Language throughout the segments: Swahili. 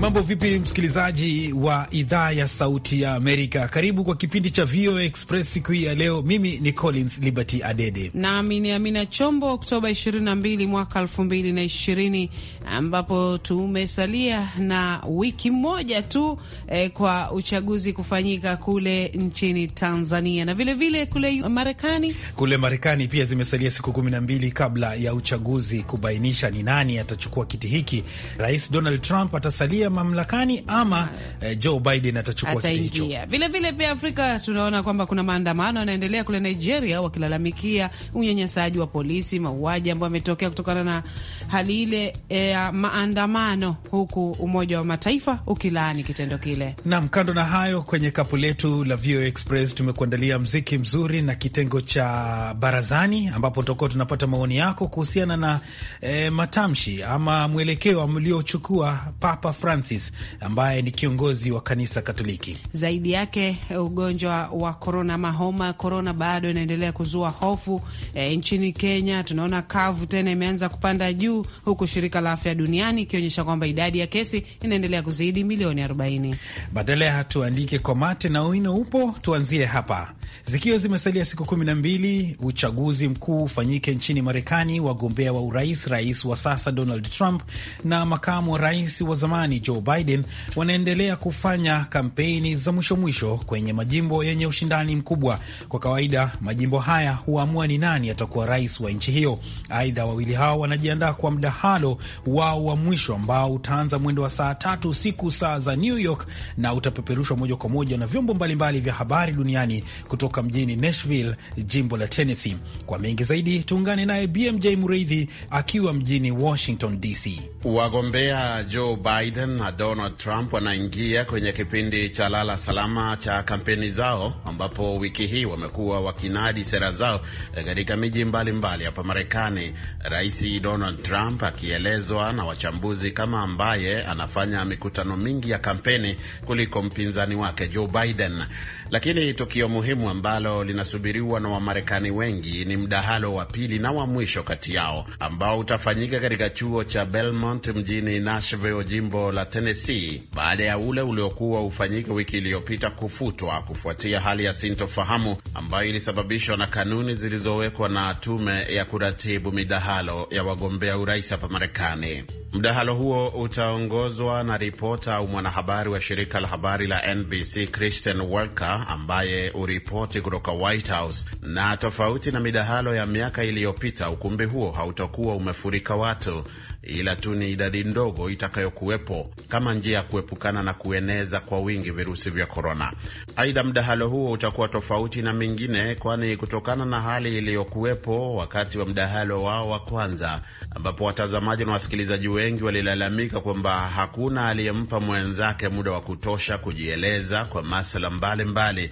Mambo vipi, msikilizaji wa idhaa ya Sauti ya Amerika? Karibu kwa kipindi cha VOA Express siku hii ya leo. Mimi ni Collins Liberty Adede nami ni Amina Chombo, Oktoba 22 mwaka 2020, ambapo tumesalia na wiki moja tu eh, kwa uchaguzi kufanyika kule nchini Tanzania na vilevile vile kule Marekani. Kule Marekani pia zimesalia siku 12 kabla ya uchaguzi kubainisha ni nani atachukua kiti hiki. Rais Donald Trump atasalia atasalia mamlakani ama eh, Joe Biden atachukua kiti hicho. Vile vile pia Afrika tunaona kwamba kuna maandamano yanaendelea kule Nigeria wakilalamikia unyanyasaji wa polisi, mauaji ambayo ametokea kutokana na hali ile eh, ya eh, maandamano, huku Umoja wa Mataifa ukilaani kitendo kile. Naam, kando na hayo, kwenye kapu letu la VOA Express tumekuandalia mziki mzuri na kitengo cha barazani, ambapo tutakuwa tunapata maoni yako kuhusiana na eh, matamshi ama mwelekeo aliochukua Papa Francis Francis ambaye ni kiongozi wa kanisa Katoliki. Zaidi yake eh, ugonjwa wa korona ama homa ya korona bado inaendelea kuzua hofu e, nchini Kenya tunaona kavu tena imeanza kupanda juu, huku shirika la afya duniani ikionyesha kwamba idadi ya kesi inaendelea kuzidi milioni 40. Badala ya tuandike kwa mate na wino upo, tuanzie hapa. Zikiwa zimesalia siku kumi na mbili uchaguzi mkuu ufanyike nchini Marekani, wagombea wa urais, rais wa sasa Donald Trump na makamu wa rais wa zamani Joe Biden wanaendelea kufanya kampeni za mwisho mwisho kwenye majimbo yenye ushindani mkubwa. Kwa kawaida majimbo haya huamua ni nani atakuwa rais wa nchi hiyo. Aidha, wawili hao wanajiandaa kwa mdahalo wao wa mwisho ambao utaanza mwendo wa saa tatu usiku saa za New York na utapeperushwa moja kwa moja na vyombo mbalimbali vya habari duniani kutoka mjini Nashville, jimbo la Tennessee. Kwa mengi zaidi tuungane naye BMJ Mureithi akiwa mjini Washington DC. Wagombea Joe Biden na Donald Trump wanaingia kwenye kipindi cha lala salama cha kampeni zao, ambapo wiki hii wamekuwa wakinadi sera zao katika miji mbalimbali hapa Marekani. Rais Donald Trump akielezwa na wachambuzi kama ambaye anafanya mikutano mingi ya kampeni kuliko mpinzani wake Joe Biden. Lakini tukio muhimu ambalo linasubiriwa na Wamarekani wengi ni mdahalo wa pili na wa mwisho kati yao ambao utafanyika katika chuo cha Belmont mjini Nashville, jimbo la Tennessee, baada ya ule uliokuwa ufanyike wiki iliyopita kufutwa kufuatia hali ya sintofahamu ambayo ilisababishwa na kanuni zilizowekwa na tume ya kuratibu midahalo ya wagombea urais hapa Marekani. Mdahalo huo utaongozwa na ripota au mwanahabari wa shirika la habari la NBC Christian Walker ambaye uripoti kutoka White House, na tofauti na midahalo ya miaka iliyopita, ukumbi huo hautokuwa umefurika watu ila tu ni idadi ndogo itakayokuwepo kama njia ya kuepukana na kueneza kwa wingi virusi vya korona. Aidha, mdahalo huo utakuwa tofauti na mingine, kwani kutokana na hali iliyokuwepo wakati wa mdahalo wao wa kwanza, ambapo watazamaji na wasikilizaji wengi walilalamika kwamba hakuna aliyempa mwenzake muda wa kutosha kujieleza kwa masuala mbalimbali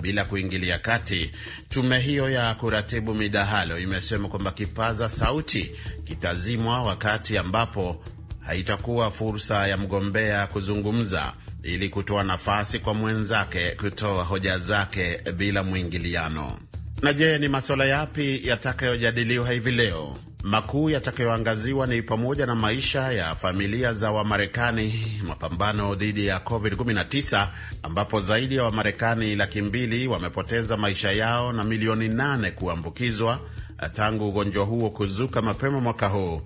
bila kuingilia kati. Tume hiyo ya kuratibu midahalo imesema kwamba kipaza sauti kitazimwa wakati ambapo haitakuwa fursa ya mgombea kuzungumza ili kutoa nafasi kwa mwenzake kutoa hoja zake bila mwingiliano. Na je, ni masuala yapi yatakayojadiliwa hivi leo? Makuu yatakayoangaziwa ni pamoja na maisha ya familia za Wamarekani, mapambano dhidi ya COVID-19 ambapo zaidi ya Wamarekani laki mbili wamepoteza maisha yao na milioni nane kuambukizwa eh, tangu ugonjwa huo kuzuka mapema mwaka huu,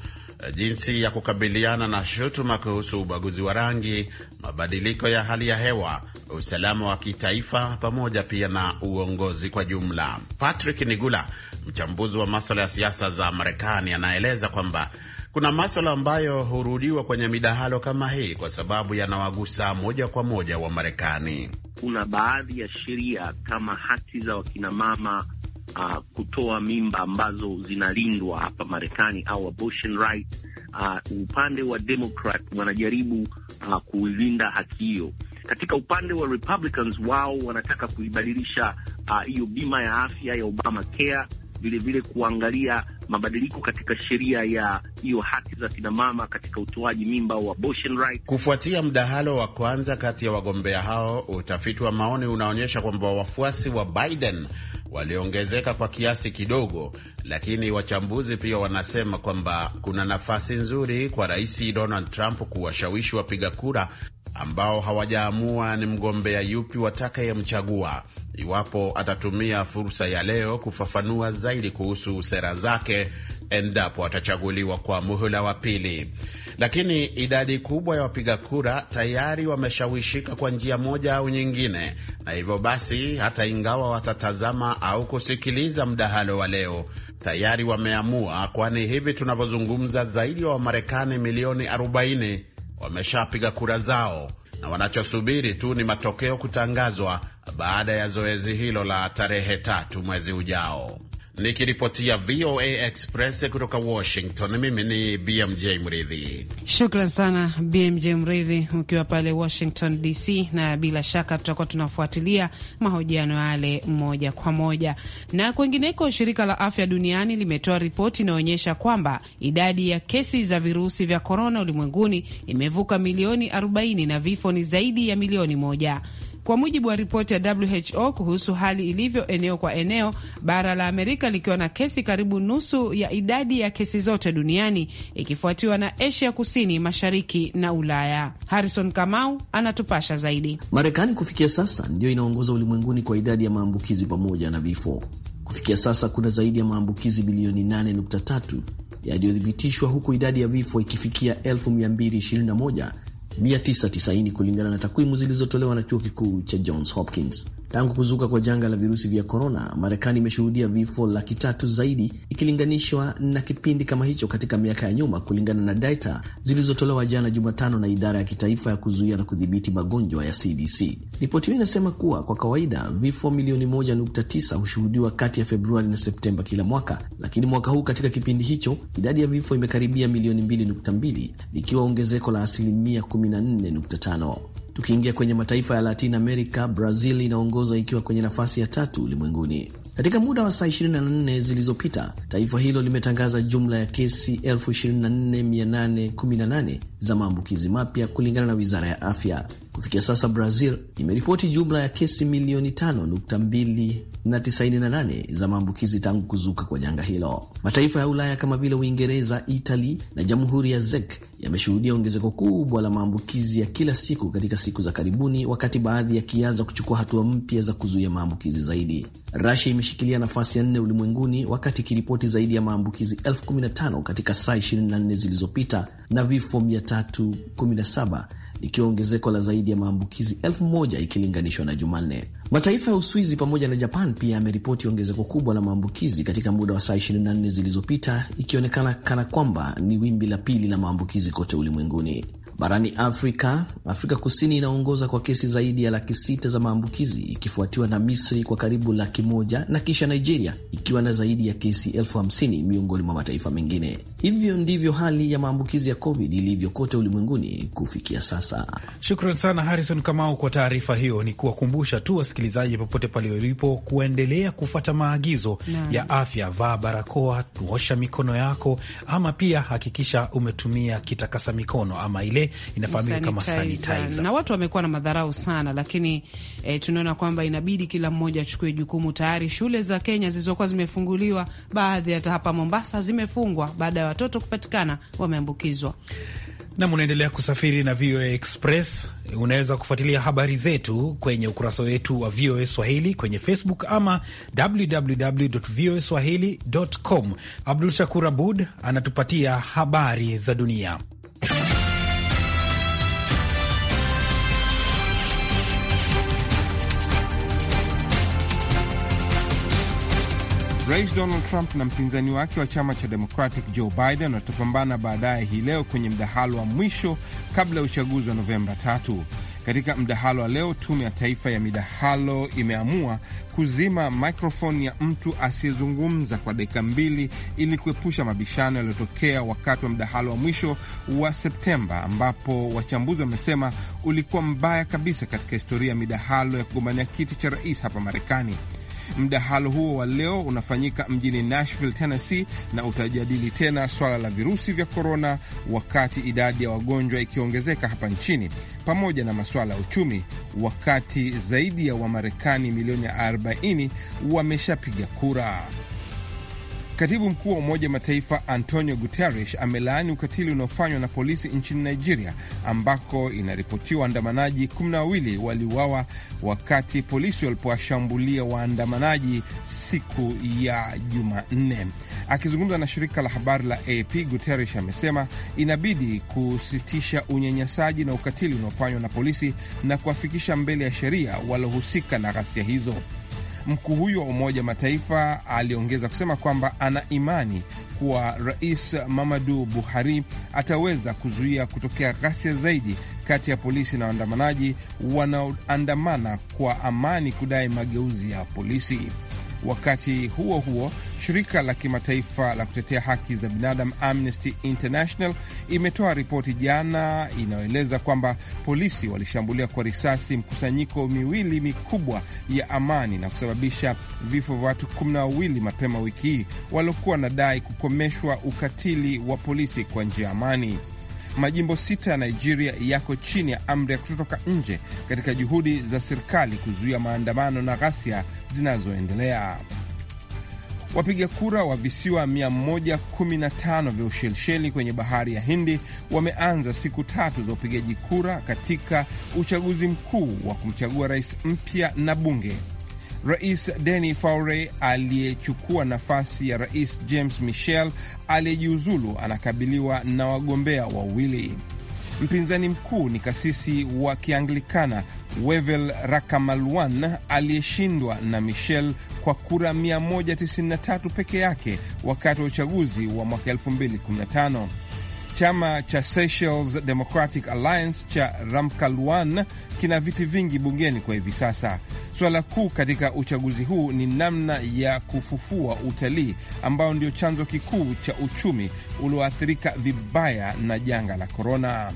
eh, jinsi ya kukabiliana na shutuma kuhusu ubaguzi wa rangi, mabadiliko ya hali ya hewa, usalama wa kitaifa, pamoja pia na uongozi kwa jumla. Patrick Nigula mchambuzi wa maswala ya siasa za Marekani, anaeleza kwamba kuna maswala ambayo hurudiwa kwenye midahalo kama hii kwa sababu yanawagusa moja kwa moja wa Marekani. Kuna baadhi ya sheria kama haki za wakinamama uh, kutoa mimba ambazo zinalindwa hapa Marekani au abortion right. Uh, upande wa Democrat wanajaribu uh, kuilinda haki hiyo. Katika upande wa Republicans, wao wanataka kuibadilisha uh, hiyo uh, bima ya afya ya Obama Care vilevile kuangalia mabadiliko katika sheria ya hiyo haki za kinamama katika utoaji mimba wa abortion right. Kufuatia mdahalo wa kwanza kati ya wagombea hao, utafiti wa maoni unaonyesha kwamba wafuasi wa Biden waliongezeka kwa kiasi kidogo, lakini wachambuzi pia wanasema kwamba kuna nafasi nzuri kwa Rais Donald Trump kuwashawishi wapiga kura ambao hawajaamua ni mgombea yupi watakayemchagua, iwapo atatumia fursa ya leo kufafanua zaidi kuhusu sera zake endapo atachaguliwa kwa muhula wa pili. Lakini idadi kubwa ya wapiga kura tayari wameshawishika kwa njia moja au nyingine, na hivyo basi, hata ingawa watatazama au kusikiliza mdahalo wa leo, tayari wameamua, kwani hivi tunavyozungumza, zaidi ya wa Wamarekani milioni wameshapiga kura zao na wanachosubiri tu ni matokeo kutangazwa baada ya zoezi hilo la tarehe tatu mwezi ujao. Nikiripotia VOA Express kutoka Washington, mimi ni BMJ Mridhi. Shukran sana BMJ Mridhi, ukiwa pale Washington DC, na bila shaka tutakuwa tunafuatilia mahojiano yale moja kwa moja. Na kwengineko, shirika la afya duniani limetoa ripoti inayoonyesha kwamba idadi ya kesi za virusi vya korona ulimwenguni imevuka milioni 40 na vifo ni zaidi ya milioni moja. Kwa mujibu wa ripoti ya WHO kuhusu hali ilivyo eneo kwa eneo, bara la Amerika likiwa na kesi karibu nusu ya idadi ya kesi zote duniani ikifuatiwa na Asia Kusini, Mashariki na Ulaya. Harrison Kamau anatupasha zaidi. Marekani kufikia sasa ndiyo inaongoza ulimwenguni kwa idadi ya maambukizi pamoja na vifo. Kufikia sasa kuna zaidi ya maambukizi bilioni 8.3 yaliyothibitishwa huku idadi ya vifo ikifikia 221 990 kulingana na takwimu zilizotolewa na chuo kikuu cha Johns Hopkins. Tangu kuzuka kwa janga la virusi vya korona, Marekani imeshuhudia vifo laki tatu zaidi ikilinganishwa na kipindi kama hicho katika miaka ya nyuma, kulingana na data zilizotolewa jana Jumatano na idara ya kitaifa ya kuzuia na kudhibiti magonjwa ya CDC. Ripoti hiyo inasema kuwa kwa kawaida vifo milioni 1.9 hushuhudiwa kati ya Februari na Septemba kila mwaka, lakini mwaka huu katika kipindi hicho idadi ya vifo imekaribia milioni 2.2 ikiwa ongezeko la asilimia 14.5. Tukiingia kwenye mataifa ya Latin America, Brazil inaongoza ikiwa kwenye nafasi ya tatu ulimwenguni. Katika muda wa saa 24 zilizopita, taifa hilo limetangaza jumla ya kesi 24818 za maambukizi mapya kulingana na wizara ya afya. Kufikia sasa Brazil imeripoti jumla ya kesi milioni 5.298 za maambukizi tangu kuzuka kwa janga hilo. Mataifa ya Ulaya kama vile Uingereza, Itali na Jamhuri ya Czech yameshuhudia ongezeko kubwa la maambukizi ya kila siku katika siku za karibuni, wakati baadhi yakianza kuchukua hatua mpya za kuzuia maambukizi zaidi. Rusia imeshikilia nafasi ya nne ulimwenguni wakati ikiripoti zaidi ya maambukizi 15 katika saa 24 zilizopita na vifo 317 likiwa ongezeko la zaidi ya maambukizi elfu moja ikilinganishwa na Jumanne. Mataifa ya Uswizi pamoja na Japan pia yameripoti ongezeko kubwa la maambukizi katika muda wa saa 24 zilizopita, ikionekana kana kwamba ni wimbi la pili la maambukizi kote ulimwenguni. Barani Afrika, Afrika Kusini inaongoza kwa kesi zaidi ya laki sita za maambukizi ikifuatiwa na Misri kwa karibu laki moja na kisha Nigeria ikiwa na zaidi ya kesi elfu hamsini miongoni mwa mataifa mengine. Hivyo ndivyo hali ya maambukizi ya COVID ilivyo kote ulimwenguni kufikia sasa. Shukran sana Harrison Kamau kwa taarifa hiyo. Ni kuwakumbusha tu wasikilizaji popote pale ulipo kuendelea kufuata maagizo na ya afya: vaa barakoa, osha mikono yako, ama pia hakikisha umetumia kitakasa mikono ama ile inafahamika kama sanitizer. Na watu wamekuwa na madharau sana, lakini eh, tunaona kwamba inabidi kila mmoja achukue jukumu. Tayari shule za Kenya zilizokuwa zimefunguliwa, baadhi hata hapa Mombasa zimefungwa baada ya watoto kupatikana wameambukizwa. Nam, unaendelea kusafiri na VOA Express. Unaweza kufuatilia habari zetu kwenye ukurasa wetu wa VOA Swahili kwenye Facebook ama www voa swahili com. Abdul Shakur Abud anatupatia habari za dunia. Rais Donald Trump na mpinzani wake wa chama cha Democratic Joe Biden watapambana baadaye hii leo kwenye mdahalo wa mwisho kabla ya uchaguzi wa Novemba tatu. Katika mdahalo wa leo, tume ya taifa ya midahalo imeamua kuzima mikrofoni ya mtu asiyezungumza kwa dakika mbili ili kuepusha mabishano yaliyotokea wakati wa mdahalo wa mwisho wa Septemba, ambapo wachambuzi wamesema ulikuwa mbaya kabisa katika historia ya midahalo ya kugombania kiti cha rais hapa Marekani. Mdahalo huo wa leo unafanyika mjini Nashville, Tennessee, na utajadili tena swala la virusi vya korona, wakati idadi ya wagonjwa ikiongezeka hapa nchini, pamoja na masuala ya uchumi, wakati zaidi ya Wamarekani milioni 40 wameshapiga kura. Katibu mkuu wa Umoja wa Mataifa Antonio Guterres amelaani ukatili unaofanywa na polisi nchini Nigeria, ambako inaripotiwa waandamanaji kumi na wawili waliuawa wakati polisi walipowashambulia waandamanaji siku ya Jumanne. Akizungumza na shirika la habari la AP, Guterres amesema inabidi kusitisha unyanyasaji na ukatili unaofanywa na polisi na kuwafikisha mbele ya sheria walohusika na ghasia hizo. Mkuu huyo wa Umoja Mataifa aliongeza kusema kwamba ana imani kuwa Rais mamadu Buhari ataweza kuzuia kutokea ghasia zaidi kati ya polisi na waandamanaji wanaoandamana kwa amani kudai mageuzi ya polisi. Wakati huo huo, shirika la kimataifa la kutetea haki za binadamu Amnesty International imetoa ripoti jana inayoeleza kwamba polisi walishambulia kwa risasi mkusanyiko miwili mikubwa ya amani na kusababisha vifo vya watu kumi na wawili mapema wiki hii waliokuwa wanadai kukomeshwa ukatili wa polisi kwa njia ya amani. Majimbo sita ya Nigeria yako chini ya amri ya kutotoka nje katika juhudi za serikali kuzuia maandamano na ghasia zinazoendelea. Wapiga kura wa visiwa 115 vya Ushelisheli kwenye bahari ya Hindi wameanza siku tatu za upigaji kura katika uchaguzi mkuu wa kumchagua rais mpya na bunge. Rais Deni Faure aliyechukua nafasi ya Rais James Michel aliyejiuzulu anakabiliwa na wagombea wawili. Mpinzani mkuu ni kasisi wa Kianglikana Wevel Rakamalwan aliyeshindwa na Michel kwa kura 193 peke yake wakati wa uchaguzi wa mwaka 2015. Chama cha Seychelles Democratic Alliance cha Ramkalwan kina viti vingi bungeni kwa hivi sasa. Swala kuu katika uchaguzi huu ni namna ya kufufua utalii ambao ndio chanzo kikuu cha uchumi ulioathirika vibaya na janga la korona.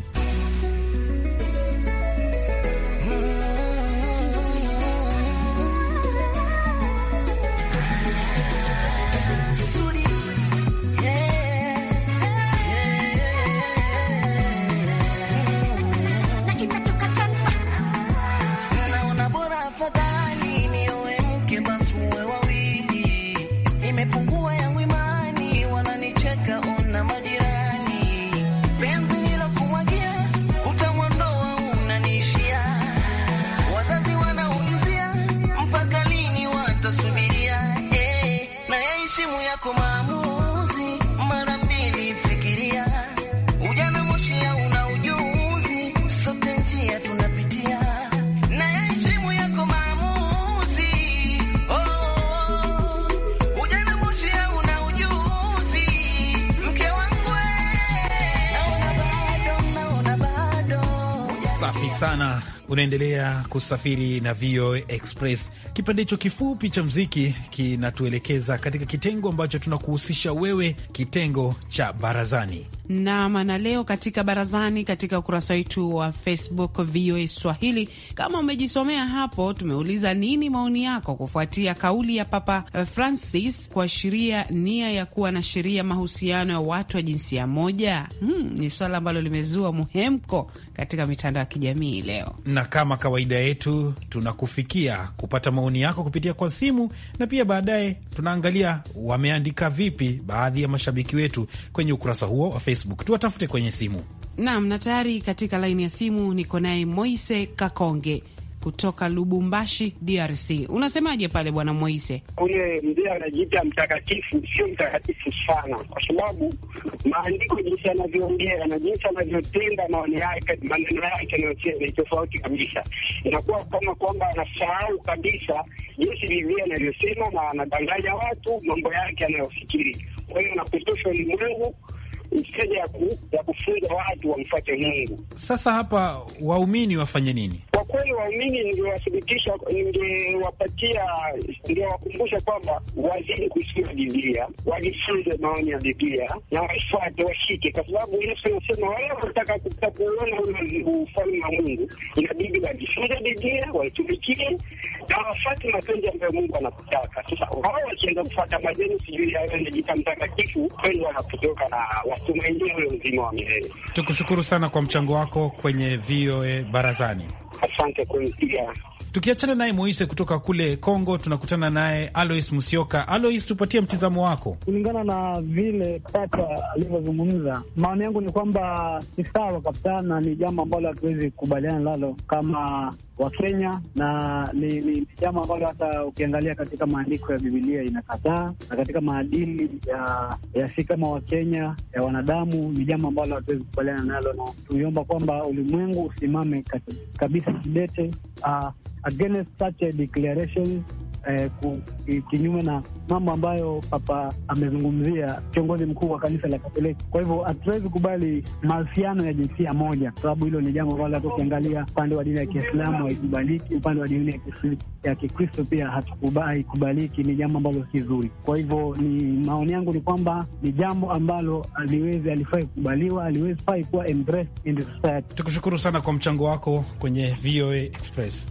sana Unaendelea kusafiri na VOA Express. Kipande hicho kifupi cha mziki kinatuelekeza katika kitengo ambacho tunakuhusisha wewe, kitengo cha barazani nam. Na leo katika barazani, katika ukurasa wetu wa Facebook VOA Swahili, kama umejisomea hapo, tumeuliza nini maoni yako kufuatia kauli ya Papa Francis kuashiria nia ya kuwa na sheria mahusiano ya watu wa jinsia moja. Hmm, ni swala ambalo limezua muhemko katika mitandao ya kijamii leo. Mm, na kama kawaida yetu tunakufikia kupata maoni yako kupitia kwa simu, na pia baadaye tunaangalia wameandika vipi baadhi ya mashabiki wetu kwenye ukurasa huo wa Facebook. Tuwatafute kwenye simu. Naam, na tayari katika laini ya simu niko naye Moise Kakonge kutoka Lubumbashi, DRC. Unasemaje pale Bwana Moise? Ule mzee anajiita mtakatifu, sio mtakatifu sana, kwa sababu maandiko jinsi anavyoongea na jinsi anavyotenda maoni yake, maneno yake anayocheza ni tofauti kabisa. Inakuwa kama kwamba anasahau kabisa jinsi vivie anavyosema na anadanganya watu mambo yake anayofikiri. Kwa hiyo anapotoshwa ulimwengu iskaja ya, ku, ya kufunza watu wamfuate Mungu. Sasa hapa waumini wafanye nini? Kwa kweli waumini ningewathibitisha, ningewapatia, ningewakumbusha kwamba wazidi kusikia Biblia, wajifunze maoni ya Biblia na waifuate, washike, kwa sababu Yesu anasema wale wanataka kuona ufalme wa Mungu inabidi wajifunze Biblia, waitumikie na wafuate mapenzi ambayo Mungu anakutaka. Sasa wao wakienda kufuata majeni, sijui yao, anajiita mtakatifu kweli, wanapotoka na na kumwendea wa milele. Tukushukuru sana kwa mchango wako kwenye VOA Barazani. Asante Tukiachana naye Moise kutoka kule Kongo, tunakutana naye Alois Musioka. Alois, tupatie mtizamo wako kulingana na vile Papa alivyozungumza. Maoni yangu ni kwamba ni sawa kabisa na ni jambo ambalo hatuwezi kukubaliana nalo kama wa Kenya, na ni, ni jambo ambalo hata ukiangalia katika maandiko ya Bibilia inakataa, na katika maadili ya, ya si kama Wakenya ya wanadamu ni jambo ambalo hatuwezi kukubaliana nalo, na tuiomba kwamba ulimwengu usimame kabisa kidete uh, against such a declaration Eh, kinyume na mambo ambayo Papa amezungumzia, kiongozi mkuu wa kanisa la Katoliki. Kwa hivyo hatuwezi kubali mahusiano ya jinsia moja, kwa sababu hilo ni jambo ambalo hata ukiangalia upande wa dini ya Kiislamu haikubaliki, upande wa dini ya Kikristo pia kubaliki, ni jambo ambalo si zuri. Kwa hivyo ni maoni yangu ni kwamba ni jambo ambalo aliwezi alifai kukubaliwa, aliwezi fai kuwa embraced in the society. Tukushukuru sana kwa mchango wako kwenye VOA Express.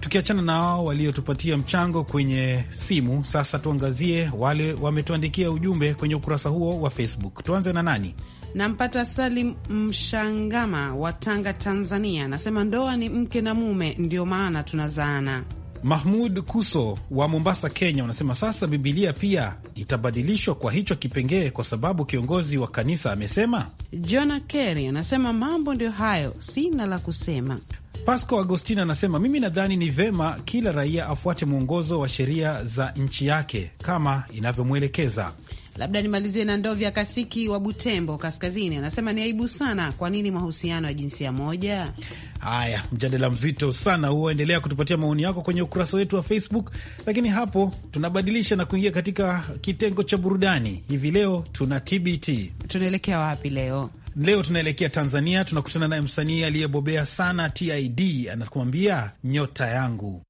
Tukiachana na wao waliotupatia mchango kwenye simu, sasa tuangazie wale wametuandikia ujumbe kwenye ukurasa huo wa Facebook. Tuanze na nani? Nampata Salim Mshangama wa Tanga, Tanzania, anasema ndoa ni mke na mume, ndio maana tunazaana. Mahmud Kuso wa Mombasa, Kenya, unasema sasa Bibilia pia itabadilishwa kwa hicho kipengee kwa sababu kiongozi wa kanisa amesema. Jona Kery anasema mambo ndio hayo, sina la kusema. Pasco Agostina anasema mimi nadhani ni vema kila raia afuate mwongozo wa sheria za nchi yake kama inavyomwelekeza. Labda nimalizie na Ndovya Kasiki wa Butembo Kaskazini, anasema ni aibu sana. Kwa nini mahusiano ya jinsia moja? Haya, mjadala mzito sana huo. Endelea kutupatia maoni yako kwenye ukurasa wetu wa Facebook. Lakini hapo tunabadilisha na kuingia katika kitengo cha burudani. Hivi leo tuna TBT. Tunaelekea wapi leo? Leo tunaelekea Tanzania, tunakutana naye msanii aliyebobea sana TID, anakuambia nyota yangu.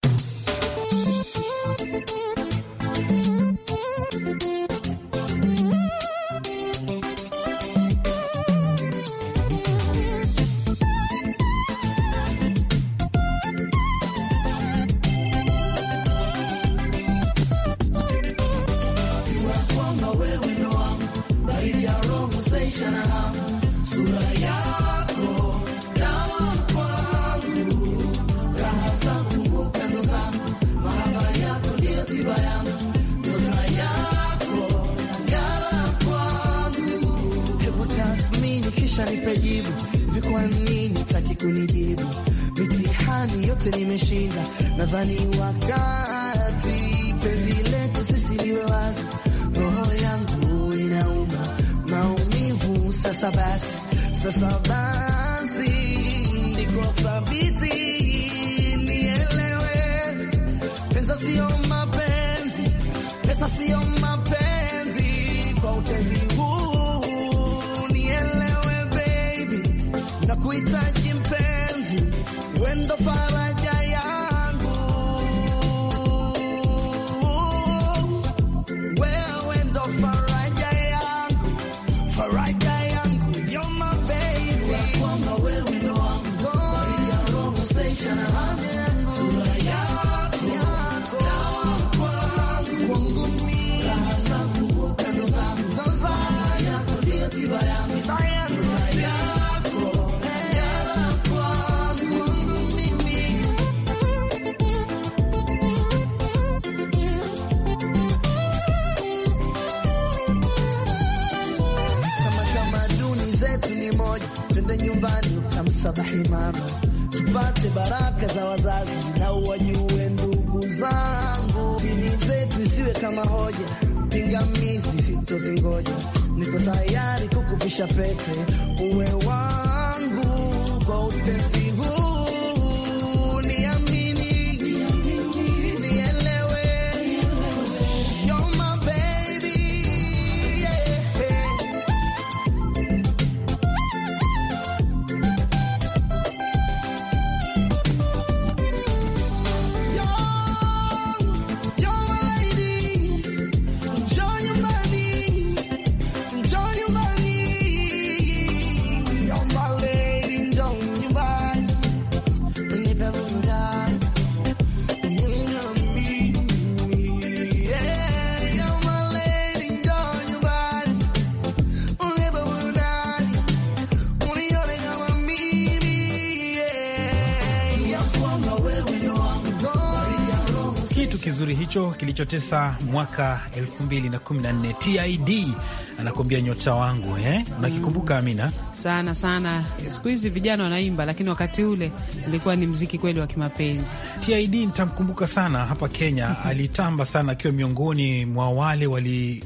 nadhani wakati penzi letu sisi liwe wazi, roho yangu inauma maumivu. Sasa basi, sasa basi, niko thabiti, nielewe, pesa sio mapenzi, pesa sio mapenzi kwa utezi huu, nielewe baby, nakuhitaji mama, tupate baraka za wazazi na uwajue ndugu zangu. Dini zetu isiwe kama hoja, pingamizi sitozingoja. Niko tayari kukuvisha pete uwe wangu hicho kilichotesa mwaka 2014 TID anakuambia nyota wangu eh? Unakikumbuka Amina? sana sana. Siku hizi vijana wanaimba, lakini wakati ule ilikuwa ni mziki kweli wa kimapenzi. TID nitamkumbuka sana hapa Kenya, alitamba sana akiwa miongoni mwa wale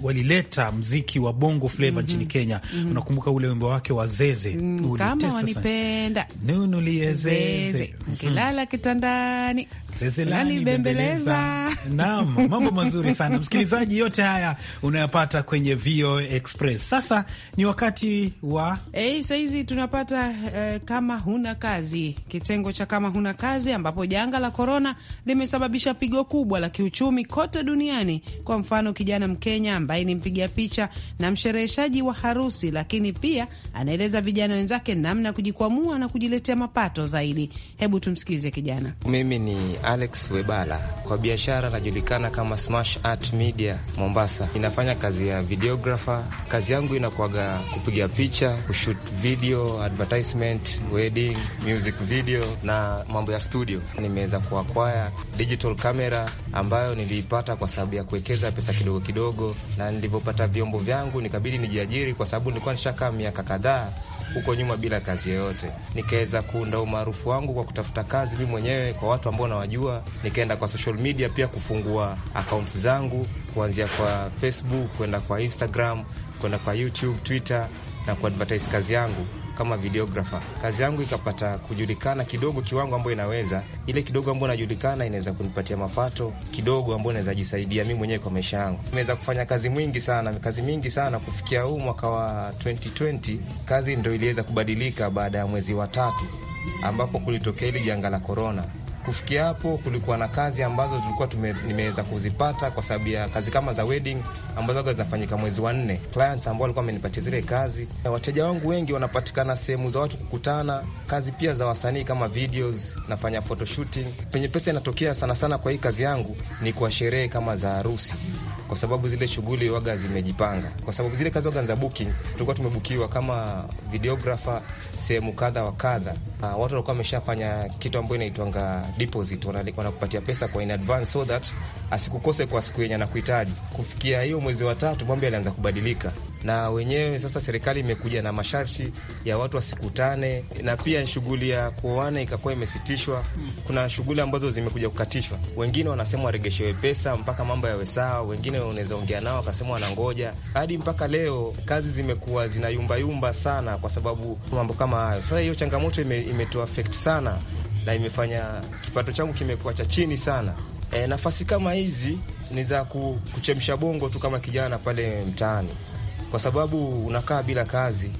walileta wali mziki wa bongo flava mm -hmm. nchini Kenya mm -hmm. unakumbuka ule wimbo wake wa zeze mm, kama wanipenda nunulie zeze mkilala mhm. kitandani zeze lani bembeleza. mambo mazuri sana msikilizaji, yote haya unayapata kwenye VOA Express. Sasa ni wakati wa hey, saizi sahizi tunapata eh, kama huna kazi, kitengo cha kama huna kazi, ambapo janga la korona limesababisha pigo kubwa la kiuchumi kote duniani. Kwa mfano, kijana Mkenya ambaye ni mpiga picha na mshereheshaji wa harusi, lakini pia anaeleza vijana wenzake namna ya kujikwamua na kujiletea mapato zaidi. Hebu tumsikize kijana. Mimi ni Alex Webala, kwa biashara najulikana kama Smash Art Media Mombasa. Inafanya kazi ya videographer. Kazi yangu inakuaga kupiga picha, kushoot video advertisement, wedding music video na mambo ya studio. Nimeweza kuakwaya digital camera ambayo niliipata kwa sababu ya kuwekeza pesa kidogo kidogo, na nilivyopata vyombo vyangu nikabidi nijiajiri, kwa sababu nilikuwa nishakaa miaka kadhaa huko nyuma bila kazi yoyote. Nikaweza kuunda umaarufu wangu kwa kutafuta kazi mimi mwenyewe kwa watu ambao nawajua. Nikaenda kwa social media pia kufungua akaunti zangu kuanzia kwa Facebook kwenda kwa Instagram kwenda kwa YouTube, Twitter na kuadvertise kazi yangu kama videographer, kazi yangu ikapata kujulikana kidogo, kiwango ambayo inaweza ile kidogo ambayo inajulikana inaweza kunipatia mapato kidogo ambayo inaweza jisaidia mimi mwenyewe kwa maisha yangu. Nimeweza kufanya kazi mwingi sana, kazi mingi sana kufikia huu mwaka wa 2020 kazi ndio iliweza kubadilika baada ya mwezi wa tatu ambapo kulitokea hili janga la korona. Kufikia hapo kulikuwa na kazi ambazo tulikuwa nimeweza kuzipata kwa sababu ya kazi kama za wedding ambazo aga zinafanyika mwezi wa nne. Clients ambao walikuwa wamenipatia zile kazi, wateja wangu wengi wanapatikana sehemu za watu kukutana, kazi pia za wasanii kama videos, nafanya photoshooting. Penye pesa inatokea sana sana kwa hii kazi yangu ni kwa sherehe kama za harusi kwa sababu zile shughuli waga zimejipanga, kwa sababu zile kazi waga za booking tulikuwa tumebukiwa kama videographer sehemu kadha wa kadha. Uh, watu walikuwa wameshafanya kitu ambayo inaitwanga deposit, wanakupatia pesa kwa in advance so that asikukose kwa siku yenye anakuhitaji. Kufikia hiyo mwezi wa tatu mambo yalianza kubadilika na wenyewe sasa serikali imekuja na masharti ya watu wasikutane, na pia shughuli ya kuoana ikakuwa imesitishwa. Kuna shughuli ambazo zimekuja kukatishwa, wengine wanasema waregeshewe pesa mpaka mambo yawe sawa, wengine unaweza ongea nao wakasema wanangoja hadi mpaka leo. Kazi zimekuwa zinayumbayumba sana kwa sababu mambo kama hayo. Sasa hiyo changamoto ime, imetuafekti sana na imefanya kipato changu kimekuwa cha chini sana. E, nafasi kama hizi ni za kuchemsha bongo tu kama kijana pale mtaani kwa sababu unakaa bila kazi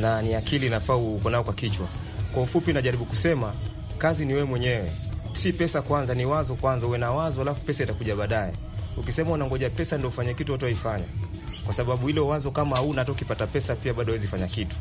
na ni akili nafaa uko nao kwa kichwa. Kwa ufupi, najaribu kusema kazi ni wewe mwenyewe, si pesa. Kwanza ni wazo, kwanza uwe na wazo, alafu pesa itakuja baadaye. Ukisema unangoja pesa ndio ufanye kitu, watu waifanya kwa sababu ile wazo kama hauna, hata ukipata pesa pia bado hawezi fanya kitu.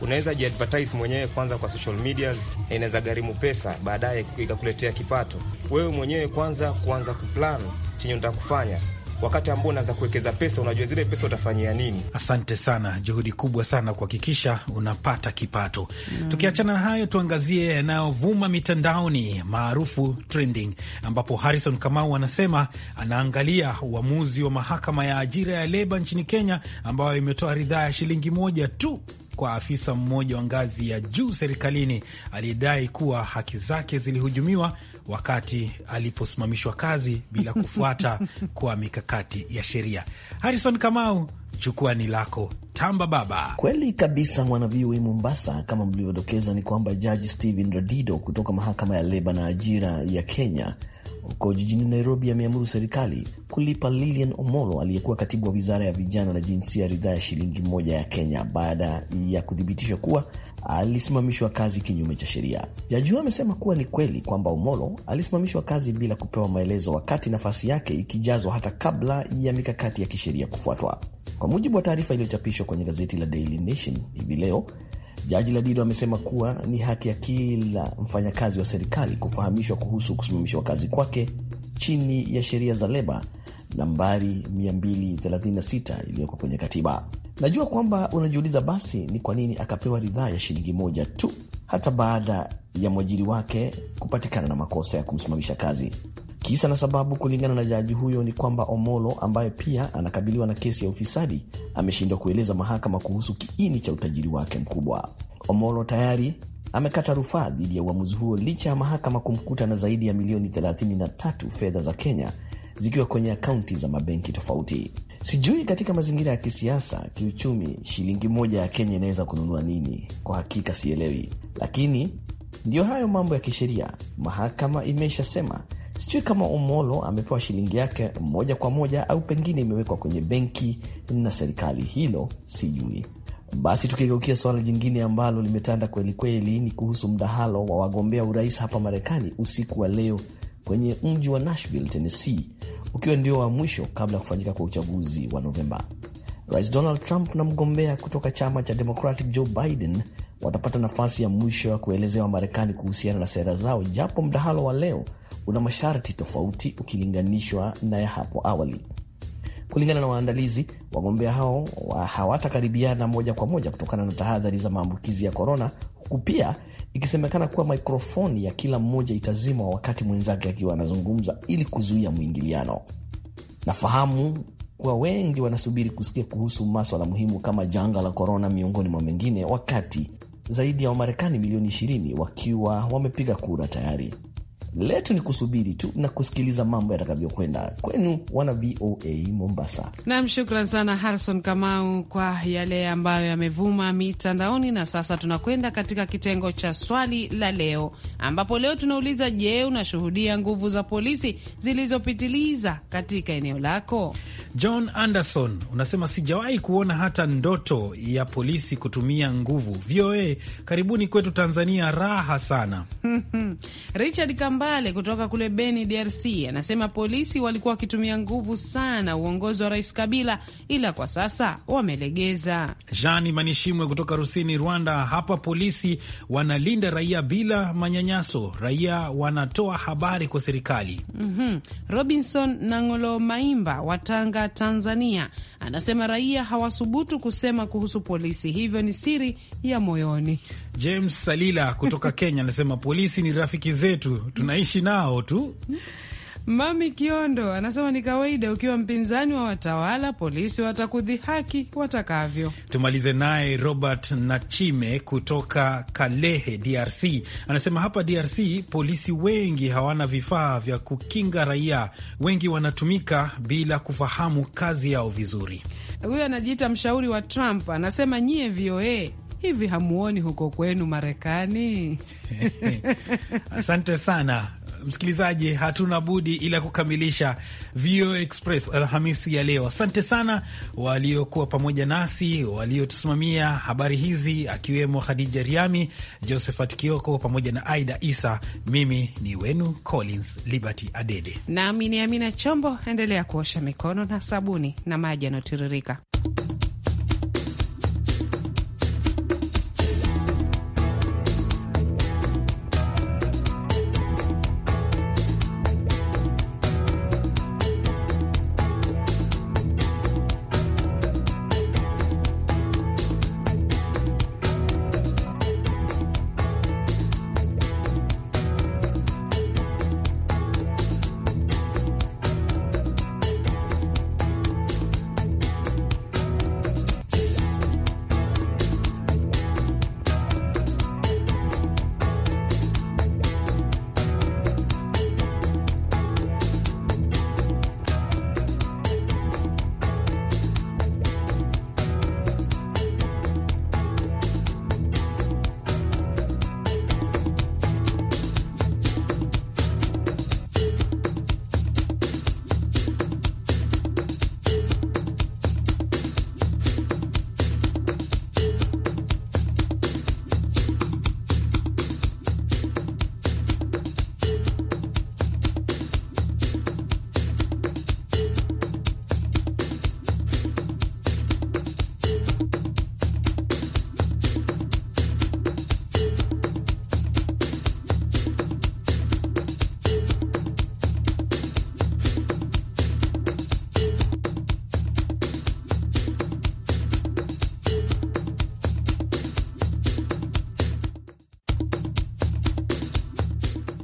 Unaweza jiadvertise mwenyewe kwanza kwa social medias, inaweza gharimu pesa baadaye ikakuletea kipato. Wewe mwenyewe kwanza kuanza kuplan chenye unataka kufanya wakati ambao unaanza kuwekeza pesa, unajua zile pesa utafanyia nini. Asante sana, juhudi kubwa sana kuhakikisha unapata kipato mm. Tukiachana na hayo, tuangazie yanayovuma mitandaoni maarufu trending, ambapo Harrison Kamau anasema anaangalia uamuzi wa mahakama ya ajira ya leba nchini Kenya ambayo imetoa ridhaa ya shilingi moja tu kwa afisa mmoja wa ngazi ya juu serikalini aliyedai kuwa haki zake zilihujumiwa wakati aliposimamishwa kazi bila kufuata kwa mikakati ya sheria. Harrison Kamau, chukua ni lako. Tamba baba, kweli kabisa mwana VOA Mombasa. Kama mlivyodokeza, ni kwamba jaji Stephen Radido kutoka mahakama ya leba na ajira ya Kenya huko jijini Nairobi ameamuru serikali kulipa Lilian Omolo aliyekuwa katibu wa wizara ya vijana na jinsia ridhaa ya shilingi moja ya Kenya baada ya kuthibitishwa kuwa alisimamishwa kazi kinyume cha sheria. Jaji huyo amesema kuwa ni kweli kwamba Omolo alisimamishwa kazi bila kupewa maelezo, wakati nafasi yake ikijazwa hata kabla ya mikakati ya kisheria kufuatwa. Kwa mujibu wa taarifa iliyochapishwa kwenye gazeti la Daily Nation hivi leo, Jaji Ladido amesema kuwa ni haki ya kila mfanyakazi wa serikali kufahamishwa kuhusu kusimamishwa kazi kwake chini ya sheria za leba nambari 236 iliyoko kwenye katiba. Najua kwamba unajiuliza basi ni kwa nini akapewa ridhaa ya shilingi moja tu hata baada ya mwajiri wake kupatikana na makosa ya kumsimamisha kazi. Kisa na sababu, kulingana na jaji huyo, ni kwamba Omolo ambaye pia anakabiliwa na kesi ya ufisadi ameshindwa kueleza mahakama kuhusu kiini cha utajiri wake mkubwa. Omolo tayari amekata rufaa dhidi ya uamuzi huo licha ya mahakama kumkuta na zaidi ya milioni 33 fedha za Kenya zikiwa kwenye akaunti za mabenki tofauti. Sijui katika mazingira ya kisiasa, kiuchumi, shilingi moja ya Kenya inaweza kununua nini? Kwa hakika sielewi, lakini ndiyo hayo mambo ya kisheria, mahakama imeshasema. Sijui kama Omolo amepewa shilingi yake moja kwa moja au pengine imewekwa kwenye benki na serikali, hilo sijui. Basi tukigeukia suala jingine ambalo limetanda kwelikweli ni kuhusu mdahalo wa wagombea urais hapa Marekani usiku wa leo kwenye mji wa Nashville, Tennessee, ukiwa ndio wa mwisho kabla ya kufanyika kwa uchaguzi wa Novemba. Rais Donald Trump na mgombea kutoka chama cha Democratic Joe Biden watapata nafasi ya mwisho ya kuelezea Wamarekani kuhusiana na sera zao, japo mdahalo wa leo una masharti tofauti ukilinganishwa na ya hapo awali. Kulingana na waandalizi, wagombea hao hawatakaribiana moja kwa moja kutokana na tahadhari za maambukizi ya korona, huku pia ikisemekana kuwa mikrofoni ya kila mmoja itazimwa wakati mwenzake akiwa anazungumza ili kuzuia mwingiliano. Nafahamu kuwa wengi wanasubiri kusikia kuhusu maswala muhimu kama janga la korona, miongoni mwa mengine, wakati zaidi ya Wamarekani milioni 20 wakiwa wamepiga kura tayari. Letu ni kusubiri tu na kusikiliza mambo yatakavyokwenda. Kwenu wana VOA Mombasa. Nam, shukran sana Harison Kamau kwa yale ambayo yamevuma mitandaoni. Na sasa tunakwenda katika kitengo cha swali la leo, ambapo leo tunauliza, je, unashuhudia nguvu za polisi zilizopitiliza katika eneo lako? John Anderson unasema sijawahi kuona hata ndoto ya polisi kutumia nguvu. VOA karibuni kwetu Tanzania, raha sana Richard Kamba Kabale kutoka kule Beni, DRC, anasema polisi walikuwa wakitumia nguvu sana uongozi wa Rais Kabila, ila kwa sasa wamelegeza. Jean Manishimwe kutoka Rusini, Rwanda, hapa polisi wanalinda raia bila manyanyaso, raia wanatoa habari kwa serikali. mm -hmm. Robinson Nangolo Maimba wa Tanga, Tanzania, anasema raia hawasubutu kusema kuhusu polisi, hivyo ni siri ya moyoni. James Salila kutoka Kenya anasema polisi ni rafiki zetu, tunaishi nao tu. Mami Kiondo anasema ni kawaida, ukiwa mpinzani wa watawala, polisi watakudhihaki watakavyo. Tumalize naye Robert Nachime kutoka Kalehe, DRC, anasema hapa DRC polisi wengi hawana vifaa vya kukinga raia, wengi wanatumika bila kufahamu kazi yao vizuri. Huyo anajiita mshauri wa Trump anasema nyie VOA hivi hamuoni huko kwenu Marekani? Asante sana msikilizaji, hatuna budi ila kukamilisha VOA Express Alhamisi ya leo. Asante sana waliokuwa pamoja nasi, waliotusimamia habari hizi, akiwemo Khadija Riami, Josephat Kioko pamoja na Aida Isa. Mimi ni wenu Collins Liberty Adede nami ni Amina Chombo. Endelea kuosha mikono na sabuni na maji yanayotiririka.